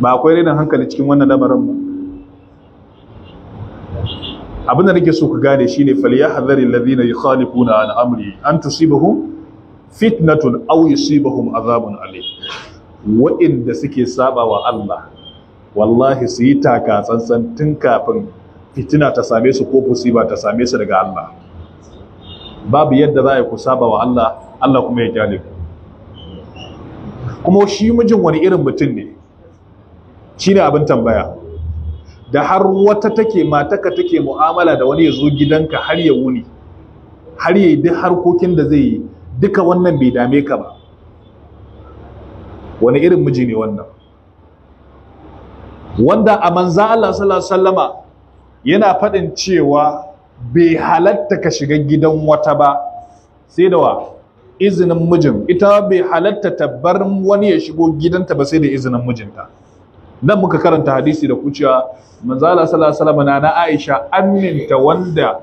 ba akwai renin hankali cikin wannan lamarin ba abin da nake so ku gane shine hadari alladhina yukhalifuna an amri an tusibahum fitnatun aw yusibahum azabun alim Waɗanda suke saba wa Allah wallahi su yi taka tsantsan tun kafin fitina ta same su ko musiba ta same su daga Allah babu yadda za a yi ku saba wa Allah Allah kuma ya kyale ku kuma shi mijin wani irin mutum shine abin tambaya da har wata take mataka take mu'amala da wani ya zo gidanka har ya wuni har ya yi duk harkokin da zai yi duka wannan bai dame ka ba wani irin miji ne wannan wanda a manza Allah sallallahu alaihi wasallama yana faɗin cewa bai halatta ka shiga gidan wata ba sai da wa izinin mijin ita bai halatta tabbar wani ya shigo gidanta ba sai da izinin mijinta nan muka karanta hadisi da kucewa, manzala sallallahu alaihi wasallam na Aisha anninta wanda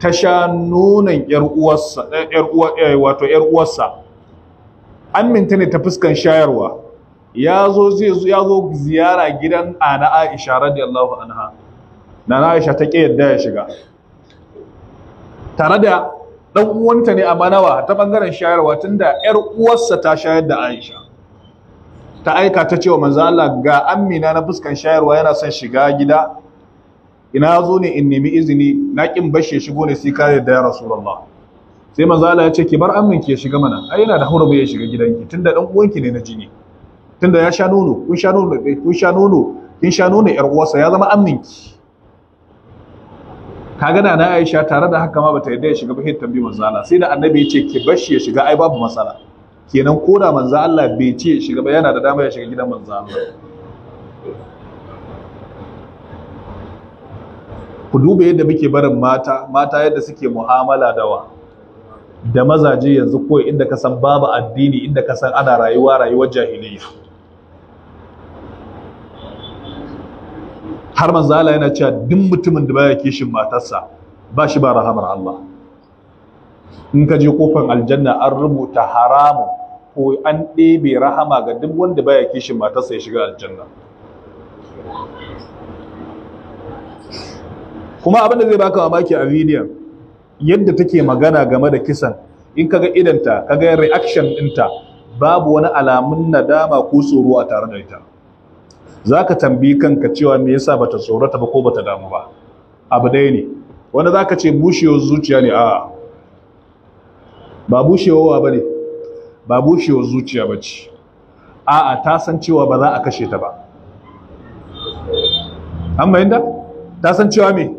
ta sha nunan yar uwarsa eh, yar uwa eh, wato yar uwarsa anninta ne ta fuskan shayarwa ya zai zo yazo ziyara gidan ana Aisha radiyallahu anha na Aisha ta ke yadda ya shiga tare da dan uwanta ne a manawa ta bangaren shayarwa tunda yar uwarsa ta shayar da Aisha ta aika ta ce wa manzo Allah ga amina na fuskan shayarwa yana son shiga gida ina zo ne in nemi izini na kin bashe shigo ne sai ka yarda ya rasulullah sai manzo Allah ya ce ki bar ammin ki ya shiga mana ai yana da hurumi ya shiga gidanki tunda dan uwanki ne na jini tunda ya sha nono kun sha nono eh, kun sha nono kin sha nono yar uwarsa ya zama ammin ki kaga da na Aisha tare da haka ma bata yarda ya shiga ba hin tambi manzo Allah sai da annabi ya ce ki bashe ya shiga ai babu matsala kenan koda, da manzo Allah bai ce shiga ba yana da dama ya shiga gidan manzo Allah ku duba yadda muke barin mata mata yadda suke mu'amala da wa da mazaje yanzu ko inda ka san babu addini inda ka san ana rayuwa rayuwar jahiliya har manzo Allah yana cewa duk mutumin da baya kishin matarsa ba shi ba rahamar Allah in ka je kofar aljanna an rubuta haramu ko an ɗebe rahama ga duk wanda baya kishin matarsa ya shiga aljanna kuma abin da zai baka mamaki a bidiyon yadda take magana game da kisan in kaga idanta kaga reaction ɗinta babu wani alamun nadama ko tsoro a tare da ita za ka tambi kanka cewa me yasa bata tsorata ba ko bata damu ba abu ɗaya ne wanda za ka ce bushewar zuciya ne a ba bushewa ba ne ba bushewa zuciya ba ce a'a ta san cewa ba za a kashe ta ba an da, ta san cewa me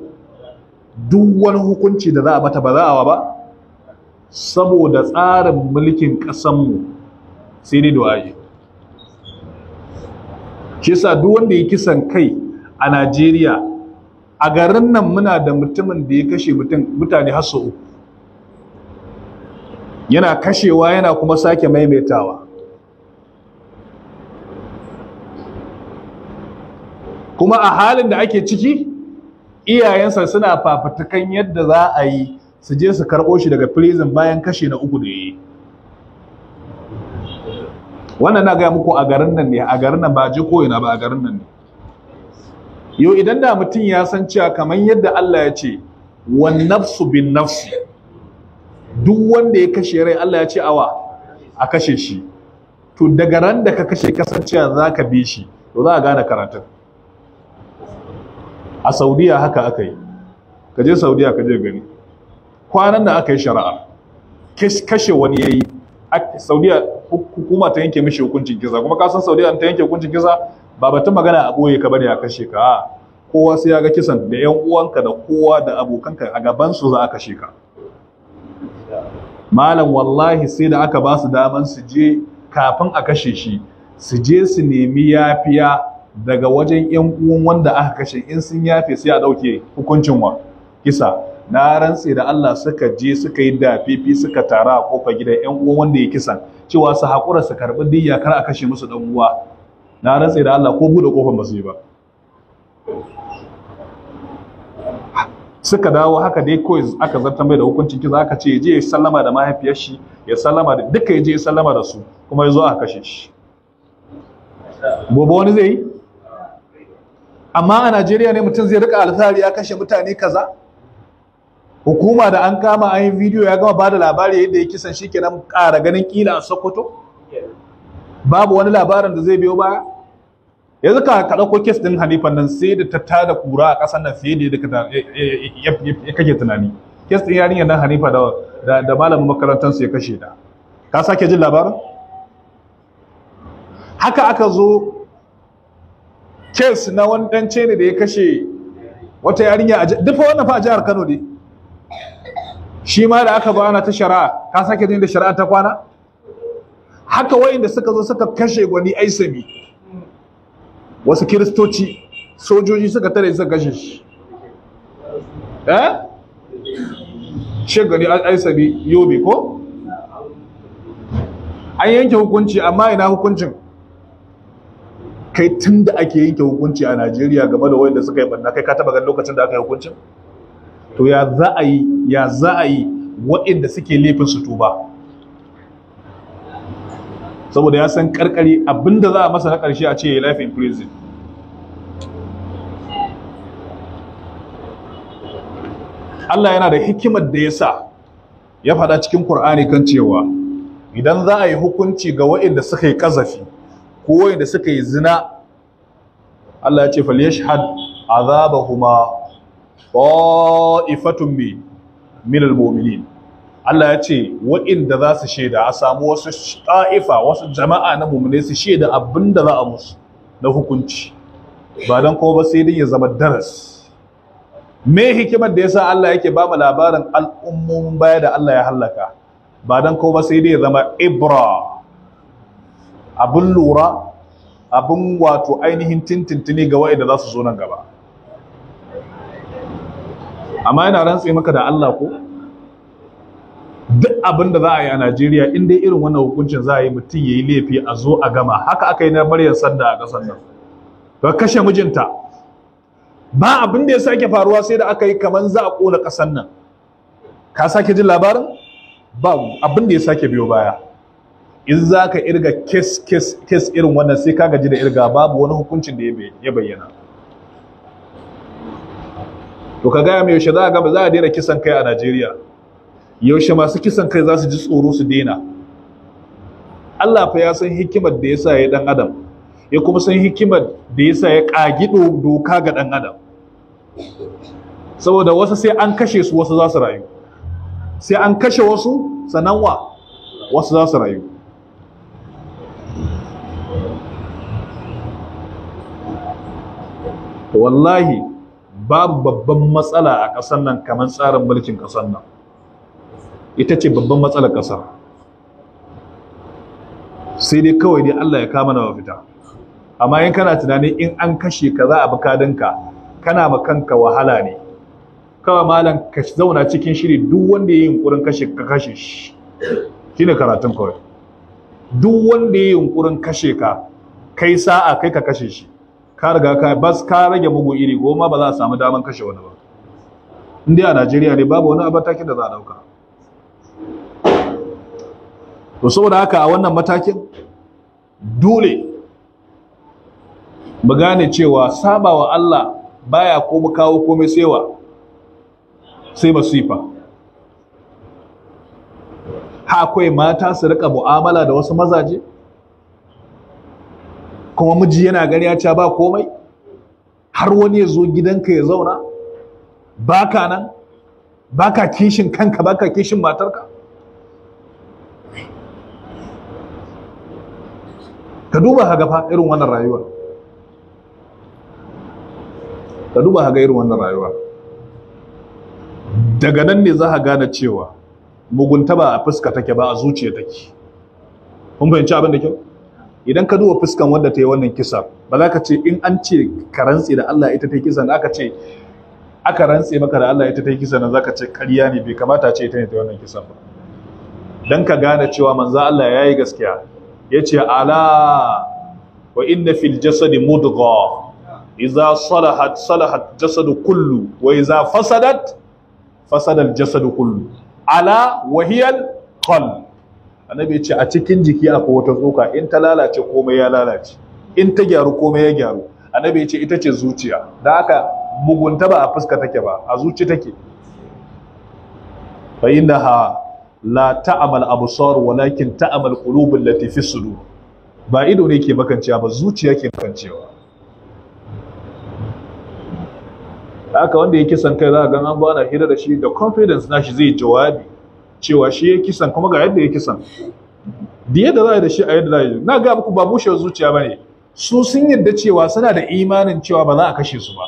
duk wani hukunci da za a bata ba za a wa ba saboda tsarin mulkin kasanmu, sai dai du'a'i shi yasa duk wanda yi kisan kai a Najeriya a garin nan muna da mutumin da ya kashe mutane har uku yana kashewa yana kuma sake maimaitawa kuma a halin da ake ciki iyayensa suna fafatakan yadda za a yi su je su karɓo shi daga prison bayan kashe na uku da ya yi wannan na gaya muku a garin nan ne a garin nan ba je koyina ba a garin nan ne yau idan da mutum ya san cewa kamar yadda Allah ya ce wa nafsu bin nafsi duk wanda ya kashe rai Allah ya ce awa a kashe shi to daga ran da ka kashe kasancewa za ka bi shi to za a gane karatun a saudiya haka aka yi ka je saudiya ka je gani kwanan da aka yi shari'a kashe wani ya yi saudiya hukuma ta yanke mishi hukuncin kisa kuma kasan saudiya ta yanke hukuncin kisa ba batun magana a ɓoye ka bane a kashe ka kowa sai ya ga kisan da yan uwanka da kowa da abokanka a gaban su za a kashe ka malam wallahi sai da aka ba su daman su je kafin a kashe shi su je su nemi yafiya daga wajen yan uwan wanda aka kashe in sun yafe sai a dauke hukuncin wa kisa na rantse da Allah suka je suka yi dafifi suka tara a kofar gidan yan uwan wanda ya kisan cewa su hakura su karbi diyya kar a kashe musu dan uwa na rantse da Allah ko buɗe kofar ba su yi ba suka dawo haka dai kawai aka zarta mai da hukuncin kisa aka ce je ya sallama da mahaifiyar ya sallama da duka ya je ya sallama da su kuma ya zo a kashe shi gobe wani zai yi amma a Najeriya ne mutum zai rika alfahari ya kashe mutane kaza hukuma da an kama yi bidiyo ya gama ba da labari yadda ya kisan nan ƙara ganin kila a Sokoto babu wani labarin da zai biyo baya yanzu ka ka dauko kes din Hanifa nan sai da ta tada kura a kasan nan fiye da yadda ka kake tunani Kes din yarinya nan Hanifa da da malamin makarantar su ya kashe ta ka sake jin labarin haka aka zo kes na wani dan ne da ya kashe wata yarinya a duk wannan fa a jihar Kano ne shi ma da aka bayana ta shari'a ka sake jin da shari'a ta kwana haka wayanda suka zo suka kashe gwani aisami wasu kiristoci sojoji suka tare suka gashe shi eh shegari yobe ko an yanke hukunci amma ina hukuncin kai tun da ake yanke hukunci a najeriya game da wadanda suka yi banna kai ka taba gan lokacin da aka yi hukuncin to ya za a yi ya za a yi waɗanda suke laifin su tuba saboda ya san karkare abinda za a masa na karshe a ce ya life in prison Allah yana da hikimar da ya sa ya faɗa cikin Kur'ani kan cewa idan za a yi hukunci ga wa'inda suka yi kazafi ko wa'inda suka yi zina Allah ya ce falyashhad azabahuma ta'ifatun min al-mu'minin Allah ya ce wa'inda za su shaida a samu wasu ta'ifa wasu jama'a na mummune su shaida abinda za a musu na hukunci ba don kuma ba sai dai ya zama daras me hikimar da yasa Allah yake ba mu labarin al'ummomin baya da Allah ya hallaka ba don kuma ba sai dai ya zama ibra abin lura abin wato ainihin tintintini ga wa'inda za su zo nan gaba amma yana rantse maka da Allah ko duk abin da za a yi a Najeriya in dai irin wannan hukuncin za a yi mutum ya yi laifi a zo a gama haka aka yi na Maryam Sanda a ƙasar nan ba kashe mijinta ba abin da ya sake faruwa sai da aka yi kamar za a ƙona ƙasar nan ka sake jin labarin ba abin da ya sake biyo baya in za ka irga kes kes kes irin wannan sai ka gaji da irga babu wani hukuncin da ya bayyana to ka gaya mai yaushe za a gaba za a daina kisan kai a Najeriya yaushe masu kisan kai za su ji tsoro su daina Allah fa ya san hikimar da yasa ya dan adam ya kuma san hikimar da yasa ya kagi doka ga dan adam saboda wasu sai an kashe su wasu za su rayu sai an kashe wasu sanan wa wasu za su rayu wallahi babu babban matsala a ƙasar nan kamar tsarin mulkin ƙasar nan ita ce babban matsalar ƙasa sai dai kawai dai Allah ya kama na mafita amma in kana tunanin in an kashe ka za a bukadinka kana ma kanka wahala ne kawai malam ka zauna cikin shiri duk wanda ya yi yunkurin kashe ka kashe shi ne karatun kawai duk wanda ya yi yunkurin kashe ka kai sa'a kai ka kashe shi ka riga ka bas ka rage mugu iri goma ba za a samu daman kashe wani ba Inda a Najeriya ne babu wani abatakin da za a dauka to saboda haka a wannan matakin dole mu gane cewa sabawa Allah baya ko mu kawo komai saiwa sai masifa ha akwai mata su rika mu'amala da wasu mazaje kuma miji yana gani ya ce ba komai har wani ya zo gidanka ya zauna baka nan baka kishin kanka baka kishin matarka ka duba haga fa irin wannan rayuwa ka duba haga irin wannan rayuwa daga nan ne za ka gane cewa mugunta ba a fuska take ba a zuciya take kun fahimci abin da kyau idan ka duba fuskan wanda ta yi wannan kisa ba za ka ce in an ce ka rantse da Allah ita ta yi kisa da aka ce aka rantse maka da Allah ita ta yi kisa nan za ka ce ƙarya ne bai kamata ce ita ne ta yi wannan kisa ba don ka gane cewa manzo Allah ya yi gaskiya ce, ala wa inna fil jasadi mudgha idza salahat salahat jasadu kullu wa idza fasadat fasada al jasadu kullu ala wa hiya al qalb annabi a cikin jiki akwai wata tsoka in ta lalace komai ya lalace in ta gyaru komai ya gyaru annabi ce ita ce zuciya da aka mugunta ba a fuska take ba a zuci take fa innaha la ta'amal absar walakin ta'amal qulubul lati fi sudur ba ido ne ke makancewa ba zuciya ke makancewa haka wanda ya kisan kai za gan an ba na hira da shi da confidence nashi zai jawabi cewa shi ya kisan kuma ga yadda ya kisan da yadda za a da shi a yadda za a yi na ga muku ba shi zuciya ba ne su sun yadda cewa suna da imanin cewa ba za a kashe su ba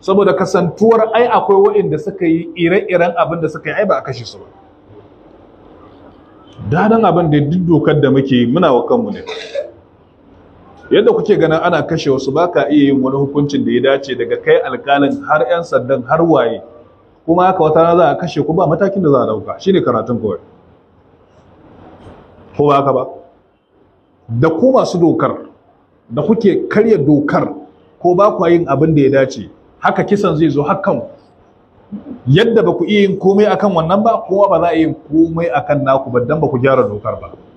saboda kasantuwar ai akwai waɗanda suka yi ire-iren abin da suka yi ai ba a kashe su ba dadan abin da duk dokar da muke muna wa kanmu ne yadda kuke ganin ana kashe wasu ba ka iya yin wani hukuncin da ya dace daga kai alkalin har 'yan sandan har waye kuma haka wata rana za a kashe ku ba matakin da za a dauka shine karatun kawai ko ba haka ba da ku masu dokar da kuke karya dokar ko ba ku yin abin da ya dace haka kisan zai zo hakan yadda ba ku iya yin komai akan wannan ba kowa ba za a yi komai akan naku ba dan ba ku gyara dokar ba